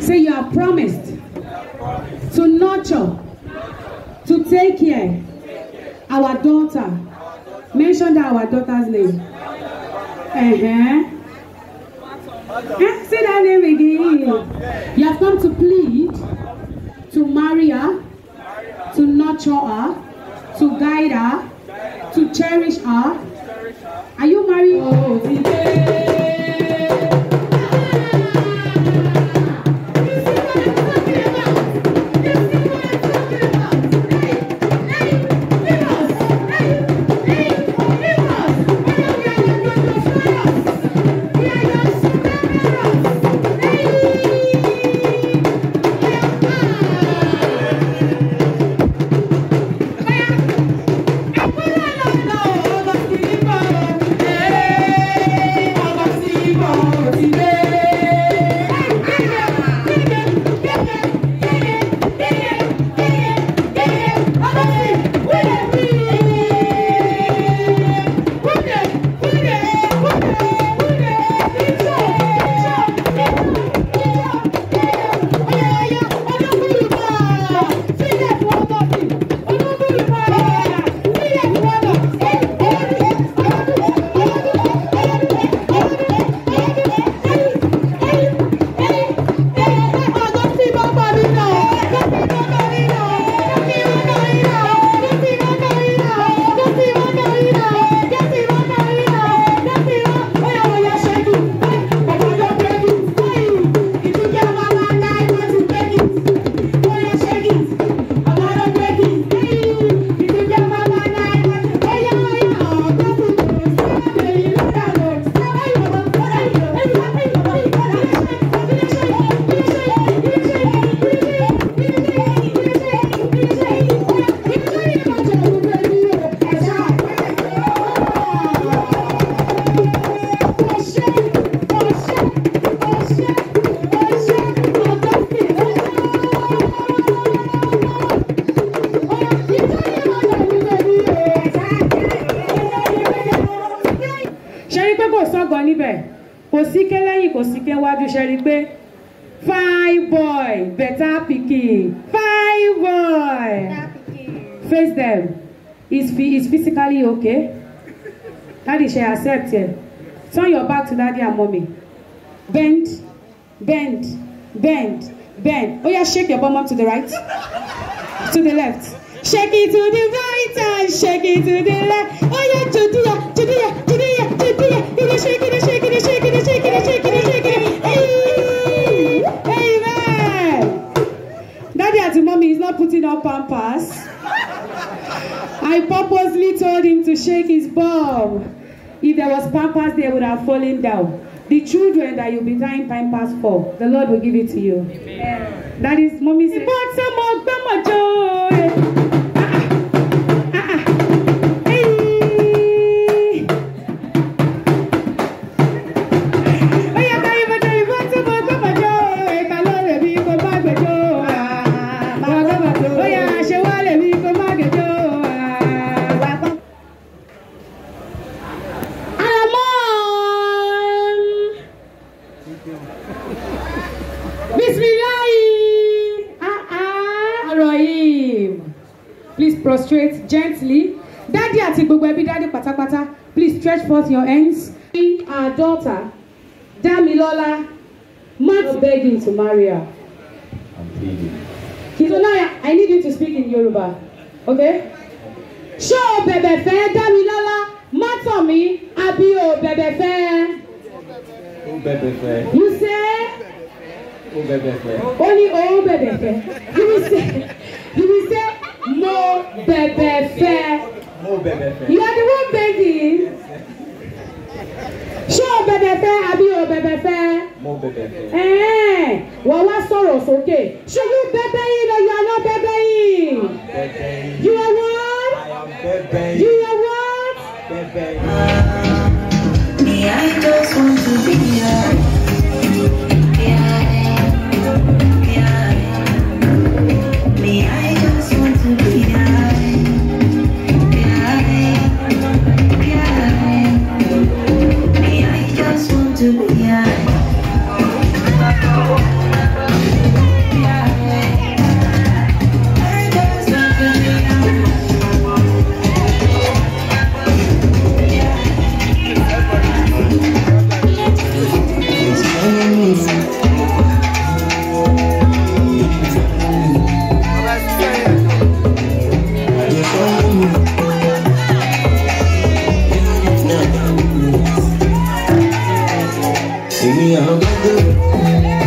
Say you are promised to nurture, to take care our daughter. Mention our daughter's name. Uh-huh. Say that name again. You have come to plead, to marry her, to nurture her, to guide her, to cherish her. Are you married? Oh, face them. He's, he's physically okay. Daddy shall accept him. Turn your back to daddy and mommy. Bend, bend, bend, bend. Oh yeah, shake your bum up to the right, to the left. Shake it to the right and shake it to the left. Oh yeah, to the left, to the left, to the left, to the left. You shake it, shake it, shake it, shake it, shake it, shake it. Hey, amen. Daddy and mommy is not putting on pampers. I purposely told him to shake his bum. If there was pampers, they would have fallen down. The children that you'll be tying pampers for, the Lord will give it to you. Amen. That is mommy's. out your hands. Our daughter, Damilola, not begging to marry her. I'm pleading. Kisolaya, I need you to speak in Yoruba, okay? Ṣé o bẹ̀bẹ̀ fẹ́ Damilola Mátọ̀mí àbí o bẹ̀bẹ̀ fẹ́? O bẹ̀bẹ̀ fẹ́. You say? O bẹ̀bẹ̀ fẹ́. O o bẹ̀bẹ̀ fẹ́. You will say, you will say, no bebe fair. Mo bẹ̀bẹ̀ fẹ́. You are the one begging ṣé o bẹ̀bẹ̀ fẹ́ àbí o bẹ̀bẹ̀ fẹ́. mo bẹ̀bẹ̀ fẹ́. wọ́n wá sọ̀rọ̀ sókè ṣé yóò bẹ̀bẹ̀ yìí lọ yọ ọ bẹ̀bẹ̀ yìí. you are what. you are Me, I just want to be here. See me on the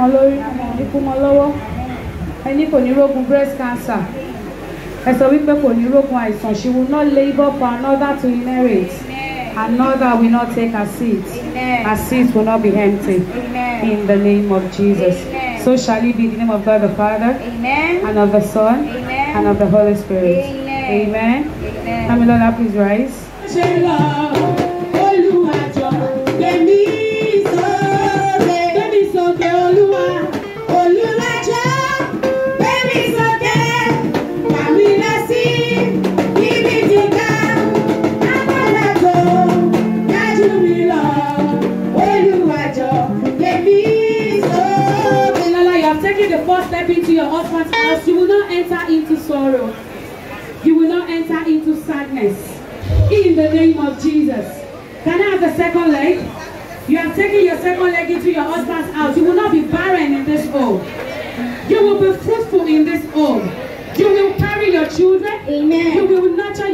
mọ́ lórí ikú mọ́ lọ́wọ́ ẹ ní kò breast cancer ẹ sọ wípé kò ní my son. she will not labour for another to inherit another will not take her seat her seat will not be empty in the name of Jesus so shall it be in the name of God the Father Amen. and of the Son Amen. and of the Holy Spirit amen amen. amen. Lord, please rise.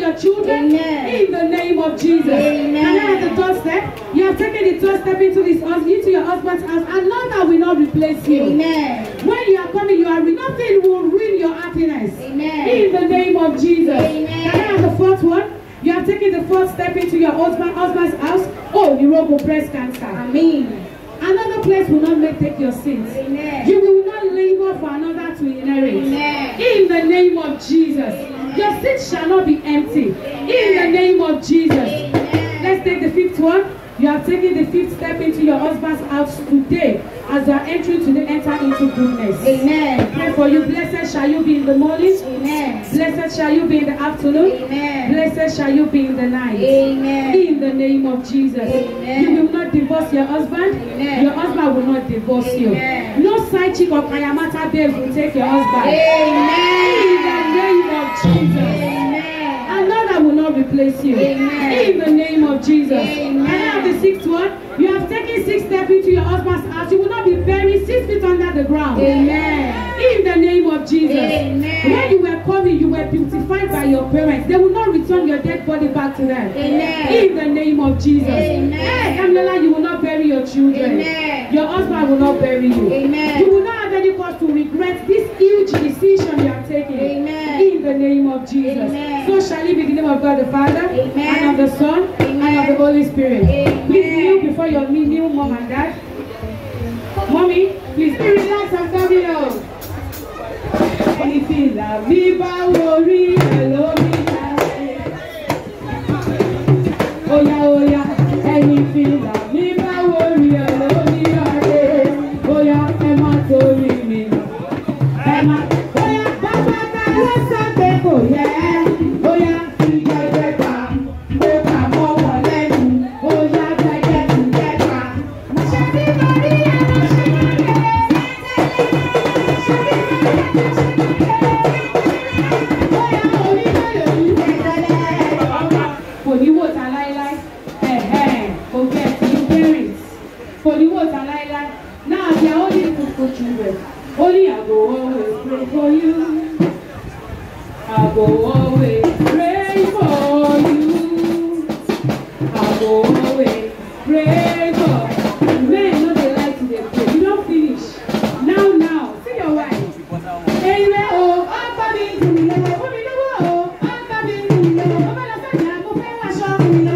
your children Amen. in the name of Jesus. Amen. And the doorstep, you have taken the doorstep into this into your husband's house, and Lord I will not replace you. Amen. When you are coming, you are nothing will ruin your happiness. Amen. In the name of Jesus. Amen. And the fourth one. You have taken the fourth step into your husband, husband's house. Oh, you will breast cancer. Amen. Another place will not make take your sins. Amen. You will not labor for another to inherit. Amen. In the name of Jesus. Amen. Your seat shall not be empty. In the name of Jesus. Let's take the fifth one. You are taking the fifth step into your husband's house today as you are entering to the enter into goodness. Amen. Pray for you. Blessed shall you be in the morning. Amen. Blessed shall you be in the afternoon. Amen. Blessed shall you be in the night. Amen. In the name of Jesus. Amen. You will not divorce your husband. Amen. Your husband will not divorce Amen. you. No one side chick of Kayamata babe will take your husband. Amen. In the name of Jesus. Amen. Another will not replace you. Amen. In the name of Jesus. Amen. And the sixth one, you have taken six steps into your husband's house. You will not be buried six feet under the ground. Amen. In the name of Jesus. Amen. When you were coming, you were beautified by your parents. They will not return your dead body back to them. Amen. In the name of Jesus. Amen. Hey, Amlela, you will not bury your children. Amen. Amen. Your husband will not bury you. Amen. You will not have any cause to regret this huge decision you are taking. Amen. In the name of Jesus. Amen. So shall it be the name of God the Father, Amen. and of the Son, Amen. and of the Holy Spirit. Amen. Please kneel before your new mom and dad. Mommy, please be relaxed and come love. Oh yeah, oh yeah. Hallelujah.